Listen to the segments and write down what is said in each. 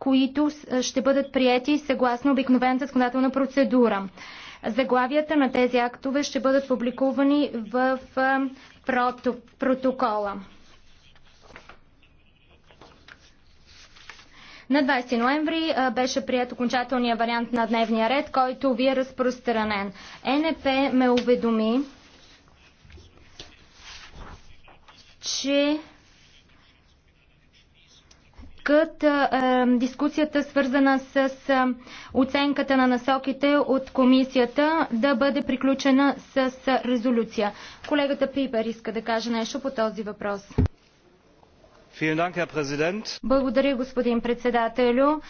които ще бъдат приети съгласно обикновената законодателна процедура. Заглавията на тези актове ще бъдат публикувани в протокола. На 20 ноември беше прият окончателния вариант на дневния ред, който ви е разпространен. НП ме уведоми, че искат дискусията свързана с оценката на насоките от комисията да бъде приключена с резолюция. Колегата Пипер иска да каже нещо по този въпрос. Благодаря, господин председателю.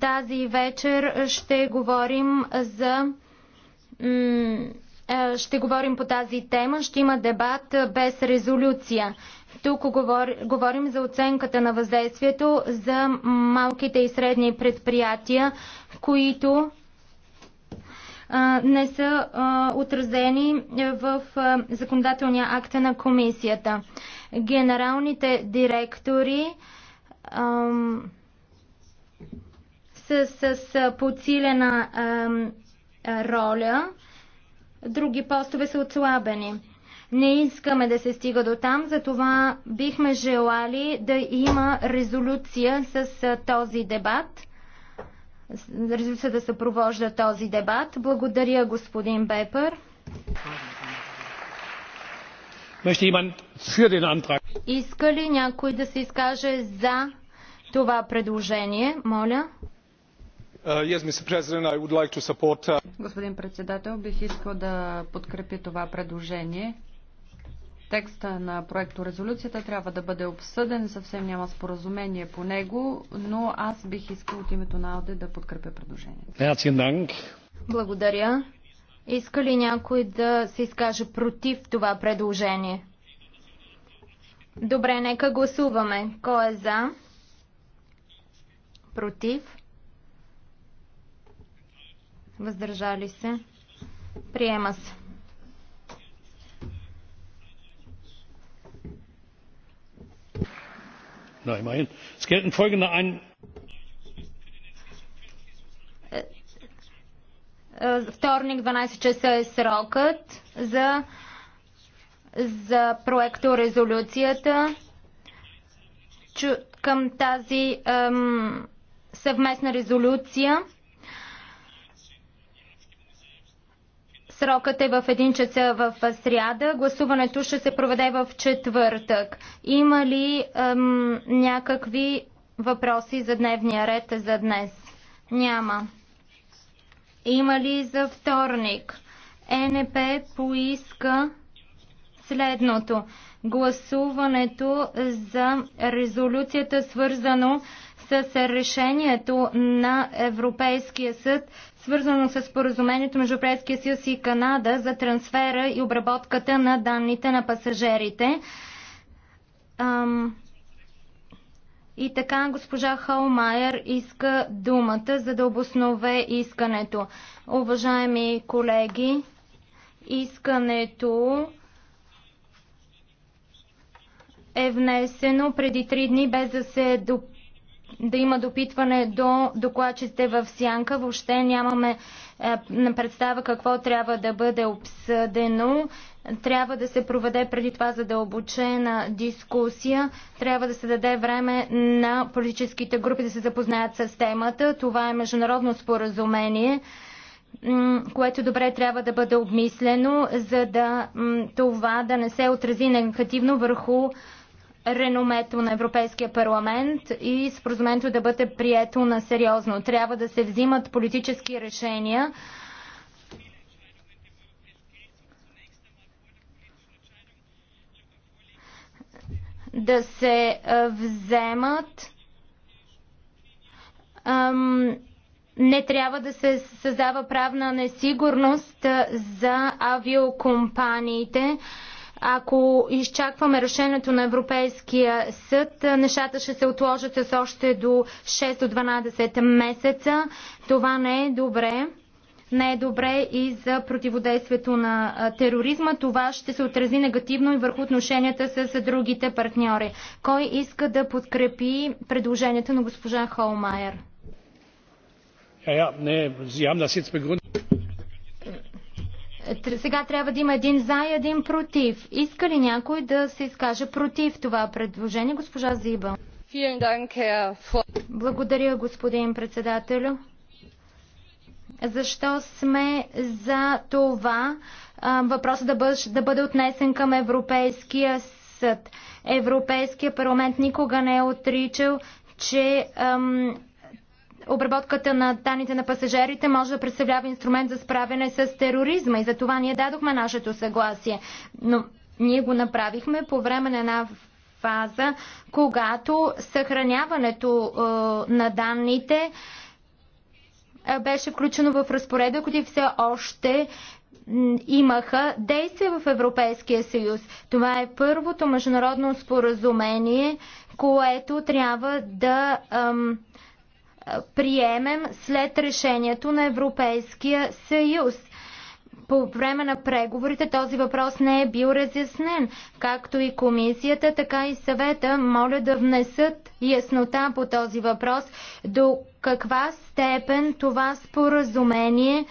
Тази вечер ще говорим за ще говорим по тази тема. Ще има дебат без резолюция. Тук говор, говорим за оценката на въздействието за малките и средни предприятия, които а, не са а, отразени в а, законодателния акт на комисията. Генералните директори а, с, с, подсилена а, роля, други постове са отслабени. Не искаме да се стига до там, затова бихме желали да има резолюция с този дебат. Резолюция да съпровожда този дебат. Благодаря, господин Бепер. Иска ли някой да се изкаже за това предложение? Моля. Uh, uh- господин председател, бих искал да подкрепи това предложение. Текста на проекто резолюцията трябва да бъде обсъден, съвсем няма споразумение по него, но аз бих искал от името на АЛДЕ да подкрепя предложението. Благодаря. Иска ли някой да се изкаже против това предложение? Добре, нека гласуваме. Кой е за? Против? Въздържали се? Приема се. na immerhin. es gelten folgende ein е, е, вторник 12 часа е срокът за, за проекторезолюцията към тази ем, съвместна резолюция. Срокът е в 1 часа в сряда. Гласуването ще се проведе в четвъртък. Има ли ем, някакви въпроси за дневния ред за днес? Няма. Има ли за вторник? НП поиска следното. Гласуването за резолюцията свързано с решението на Европейския съд свързано с споразумението между Европейския съюз и Канада за трансфера и обработката на данните на пасажирите. И така госпожа Холмайер иска думата, за да обоснове искането. Уважаеми колеги, искането е внесено преди три дни, без да се допълни да има допитване до докладчите в сянка. Въобще нямаме е, представа какво трябва да бъде обсъдено. Трябва да се проведе преди това задълбочена дискусия. Трябва да се даде време на политическите групи да се запознаят с темата. Това е международно споразумение което добре трябва да бъде обмислено, за да това да не се отрази негативно върху реномето на Европейския парламент и споразумението да бъде прието на сериозно. Трябва да се взимат политически решения. Да се вземат. Не трябва да се създава правна несигурност за авиокомпаниите. Ако изчакваме решението на Европейския съд, нещата ще се отложат с още до 6 до 12 месеца. Това не е добре. Не е добре и за противодействието на тероризма. Това ще се отрази негативно и върху отношенията с другите партньори. Кой иска да подкрепи предложението на госпожа Холмайер? Ja, ja, nee, Sie haben das jetzt begründet сега трябва да има един за и един против. Иска ли някой да се изкаже против това предложение? Госпожа Зиба. Благодаря, господин председателю. Защо сме за това въпросът да бъде, да бъде отнесен към Европейския съд? Европейския парламент никога не е отричал, че ам, Обработката на данните на пасажирите може да представлява инструмент за справяне с тероризма и за това ние дадохме нашето съгласие. Но ние го направихме по време на една фаза, когато съхраняването е, на данните е, беше включено в разпореда, които все още имаха действия в Европейския съюз. Това е първото международно споразумение, което трябва да е, приемем след решението на Европейския съюз. По време на преговорите този въпрос не е бил разяснен. Както и комисията, така и съвета моля да внесат яснота по този въпрос до каква степен това споразумение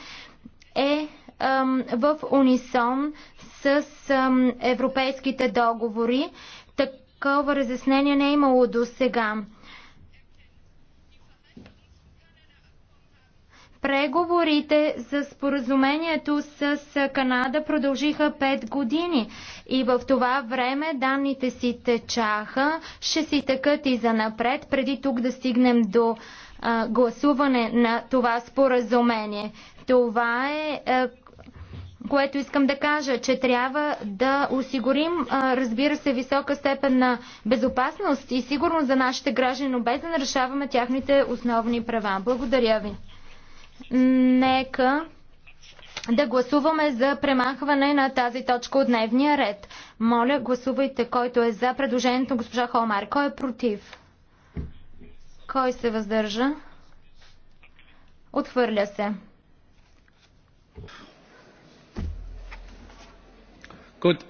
е ам, в унисон с ам, европейските договори. Такова разяснение не е имало до сега. Преговорите за споразумението с Канада продължиха 5 години и в това време данните си течаха, ще си тъкат и за напред, преди тук да стигнем до а, гласуване на това споразумение. Това е а, което искам да кажа, че трябва да осигурим, разбира се, висока степен на безопасност и сигурност за нашите граждани, но без да нарушаваме тяхните основни права. Благодаря ви. Нека да гласуваме за премахване на тази точка от дневния ред. Моля, гласувайте който е за предложението госпожа Холмар. Кой е против? Кой се въздържа? Отхвърля се. Good.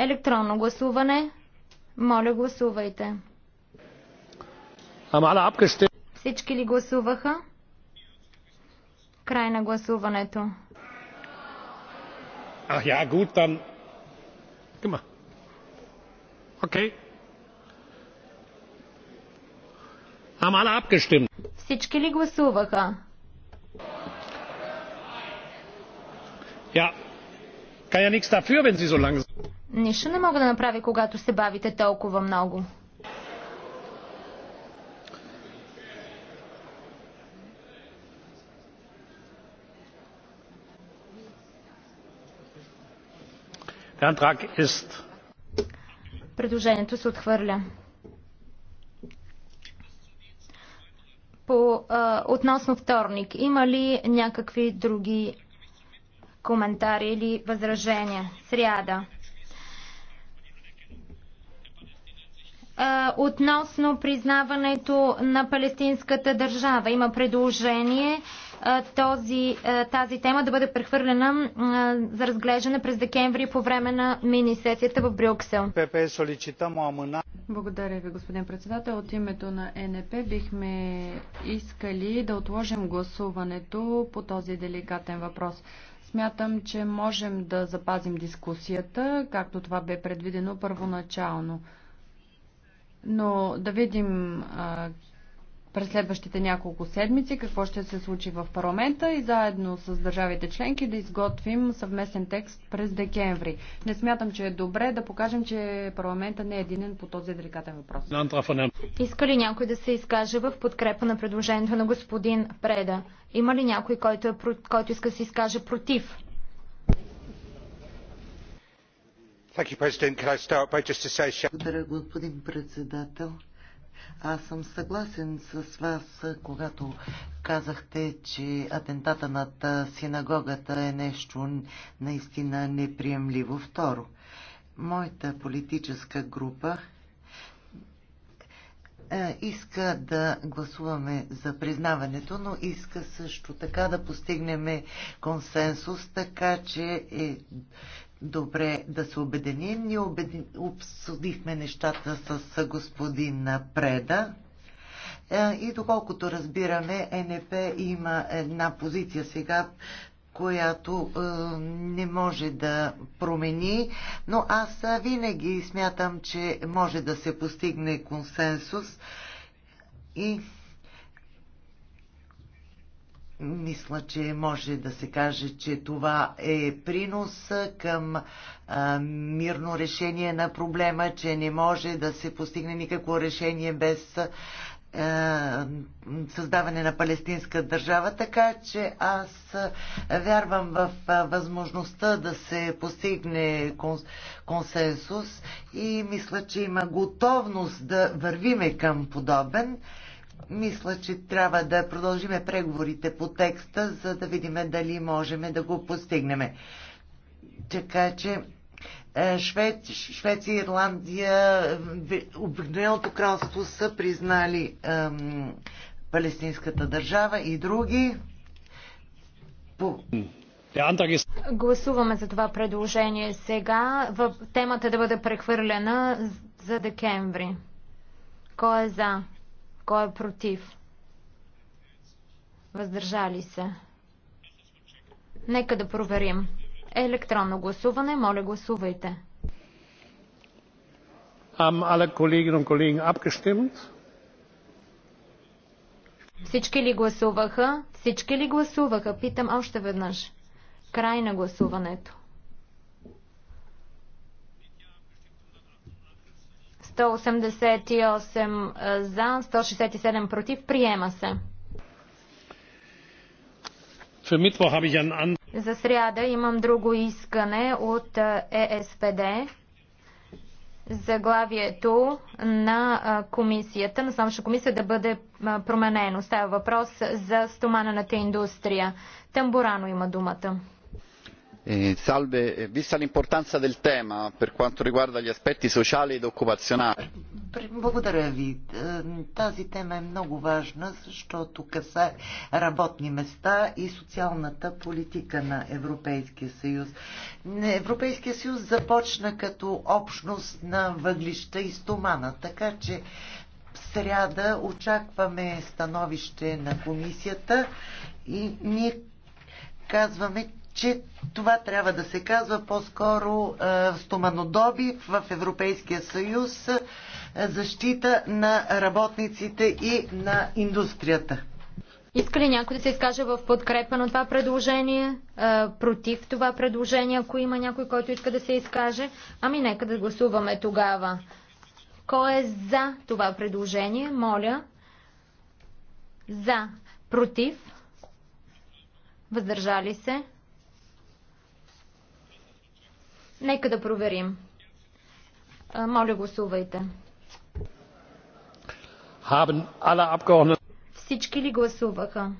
Електронно гласуване. Моля, гласувайте. Haben alle abgestimmt? Всички ли гласуваха? Край на гласуването. А, я, гуд, там. Guck Окей. Okay. Haben alle Всички ли гласуваха? Я. Кая ja nichts dafür, wenn Нищо не мога да направя, когато се бавите толкова много. Предложението се отхвърля. По, а, относно вторник, има ли някакви други коментари или възражения? Сряда. относно признаването на палестинската държава, има предложение този, тази тема да бъде прехвърлена за разглеждане през декември по време на мини-сесията в Брюксел. Благодаря ви, господин председател. От името на НП бихме искали да отложим гласуването по този деликатен въпрос. Смятам, че можем да запазим дискусията, както това бе предвидено първоначално. Но да видим а, през следващите няколко седмици какво ще се случи в парламента и заедно с държавите членки да изготвим съвместен текст през декември. Не смятам, че е добре да покажем, че парламента не е единен по този деликатен въпрос. Иска ли някой да се изкаже в подкрепа на предложението на господин Преда? Има ли някой, който, е, който иска да се изкаже против? Благодаря, господин председател. Аз съм съгласен с вас, когато казахте, че атентата над синагогата е нещо наистина неприемливо. Второ, моята политическа група е, иска да гласуваме за признаването, но иска също така да постигнем консенсус, така че е добре да се обединим. Ние обедин... обсъдихме нещата с господин Преда. Е, и доколкото разбираме, НП има една позиция сега, която е, не може да промени, но аз винаги смятам, че може да се постигне консенсус и мисля, че може да се каже, че това е принос към а, мирно решение на проблема, че не може да се постигне никакво решение без а, създаване на палестинска държава, така че аз вярвам в възможността да се постигне консенсус и мисля, че има готовност да вървиме към подобен мисля, че трябва да продължиме преговорите по текста, за да видим дали можем да го постигнем. Така че е, Швед, Швеция, Ирландия, Обединеното кралство са признали ем, палестинската държава и други. По... Гласуваме за това предложение сега. В темата е да бъде прехвърлена за декември. Кой е за? Кой е против? Въздържали се. Нека да проверим. Електронно гласуване, моля гласувайте. alle Kolleginnen und Kollegen abgestimmt? Всички ли гласуваха? Всички ли гласуваха? Питам още веднъж. Край на гласуването. 188 за, 167 против. Приема се. За сряда имам друго искане от е ЕСПД. Заглавието на комисията, на самата комисия да бъде променено. Става въпрос за стоманената индустрия. Тамбурано има думата. Eh, eh, vista l'importanza del tema per quanto riguarda gli aspetti sociali ed occupazionali. Благодаря ви. Е, тази тема е много важна, защото касае работни места и социалната политика на Европейския съюз. Европейския съюз започна като общност на въглища и стомана, така че в сряда очакваме становище на комисията и ние казваме, че това трябва да се казва по-скоро е, стоманодоби в Европейския съюз, е, защита на работниците и на индустрията. Иска ли някой да се изкаже в подкрепа на това предложение? Е, против това предложение, ако има някой, който иска да се изкаже? Ами нека да гласуваме тогава. Кой е за това предложение? Моля. За. Против. Въздържали се. Нека да проверим. Моля, гласувайте. Всички ли гласуваха?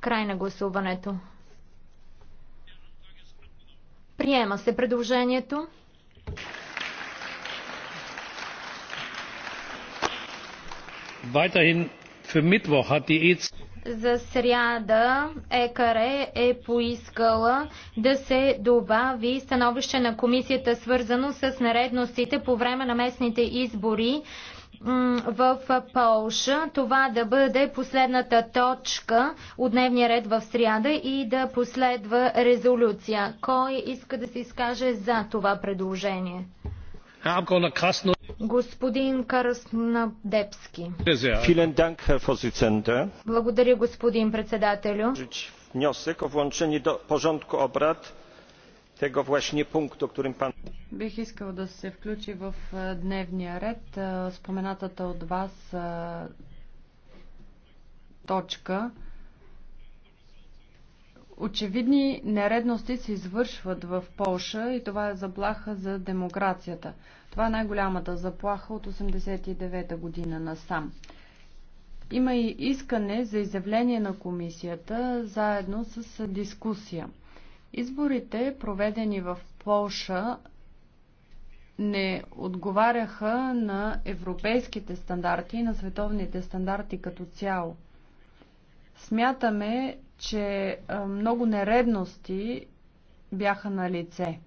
Край на гласуването. Приема се предложението. Weiterhin für Mittwoch hat die EC за сряда ЕКАРЕ е поискала да се добави становище на комисията свързано с наредностите по време на местните избори в Полша. Това да бъде последната точка от дневния ред в сряда и да последва резолюция. Кой иска да се изкаже за това предложение? Господин Караснадепски. Благодаря, господин председателю. Вносък о włączenie до porządku обрат tego właśnie punktu, o którym pan... Бих искал да се включи в дневния ред споменатата от вас точка. Очевидни нередности се извършват в Полша и това е заплаха за демокрацията. Това е най-голямата заплаха от 1989 година насам. Има и искане за изявление на комисията заедно с дискусия. Изборите, проведени в Полша, не отговаряха на европейските стандарти и на световните стандарти като цяло. Смятаме, че много нередности бяха на лице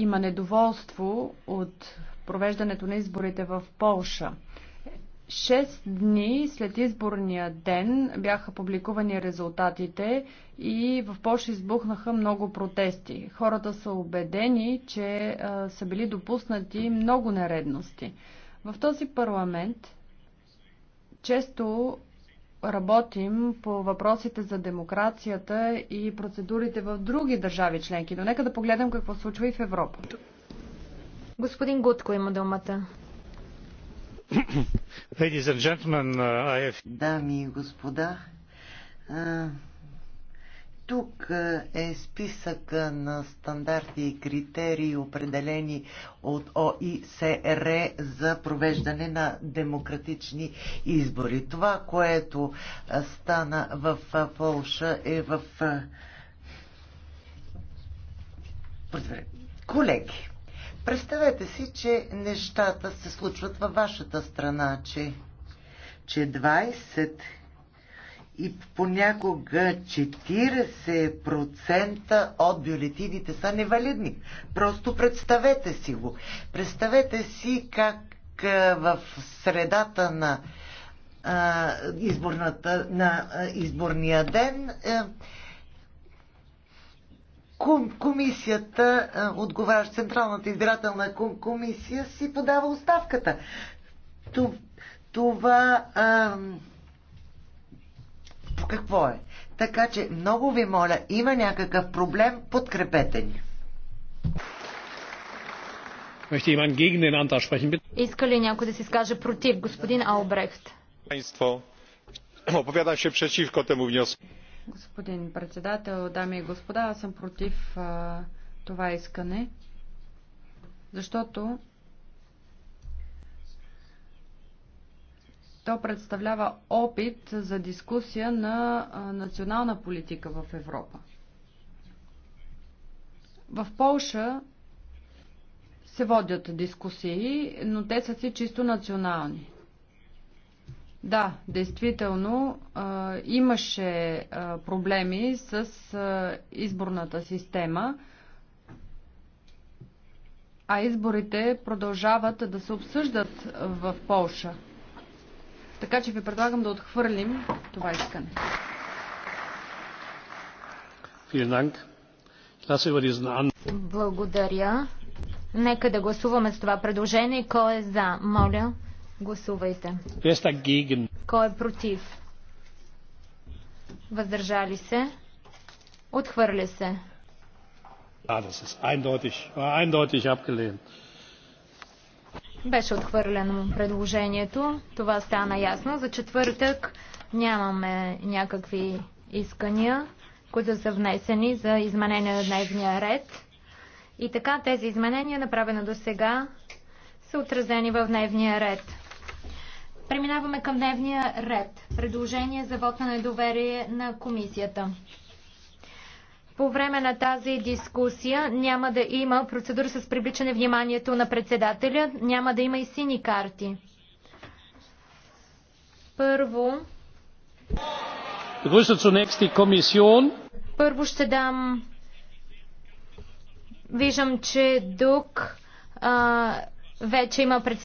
има недоволство от провеждането на изборите в Полша. Шест дни след изборния ден бяха публикувани резултатите и в Польша избухнаха много протести. Хората са убедени, че а, са били допуснати много нередности. В този парламент често работим по въпросите за демокрацията и процедурите в други държави членки, но нека да погледнем какво случва и в Европа. Господин Гудко има думата. Uh, Дами и господа, тук е, е списъка на стандарти и критерии, определени от ОИСР за провеждане на демократични избори. Това, което е, стана в е, Полша е в... Колеги, представете си, че нещата се случват във вашата страна, че, че 20 и понякога 40% от бюлетините са невалидни. Просто представете си го. Представете си как в средата на изборната, на изборния ден комисията, отговаряща Централната избирателна комисия, си подава оставката. Това, това какво е. Така че много ви моля, има някакъв проблем, подкрепете ни. Иска ли някой да се скаже против господин Албрехт? Господин председател, дами и господа, аз съм против а, това искане, защото То представлява опит за дискусия на национална политика в Европа. В Полша се водят дискусии, но те са си чисто национални. Да, действително а, имаше а, проблеми с а, изборната система, а изборите продължават да се обсъждат в Полша. Така че ви предлагам да отхвърлим това искане. Благодаря. Нека да гласуваме с това предложение. Кой е за? Моля, гласувайте. Кой е против? Въздържали се? Отхвърля се. това е ist Това е äh, abgelehnt. Беше отхвърлено предложението. Това стана ясно. За четвъртък нямаме някакви искания, които са внесени за изменение на дневния ред. И така тези изменения, направени до сега, са отразени в дневния ред. Преминаваме към дневния ред. Предложение за вод на недоверие на комисията. По време на тази дискусия няма да има процедура с привличане вниманието на председателя, няма да има и сини карти. Първо. Първо ще дам. Виждам, че Дук а, вече има председател.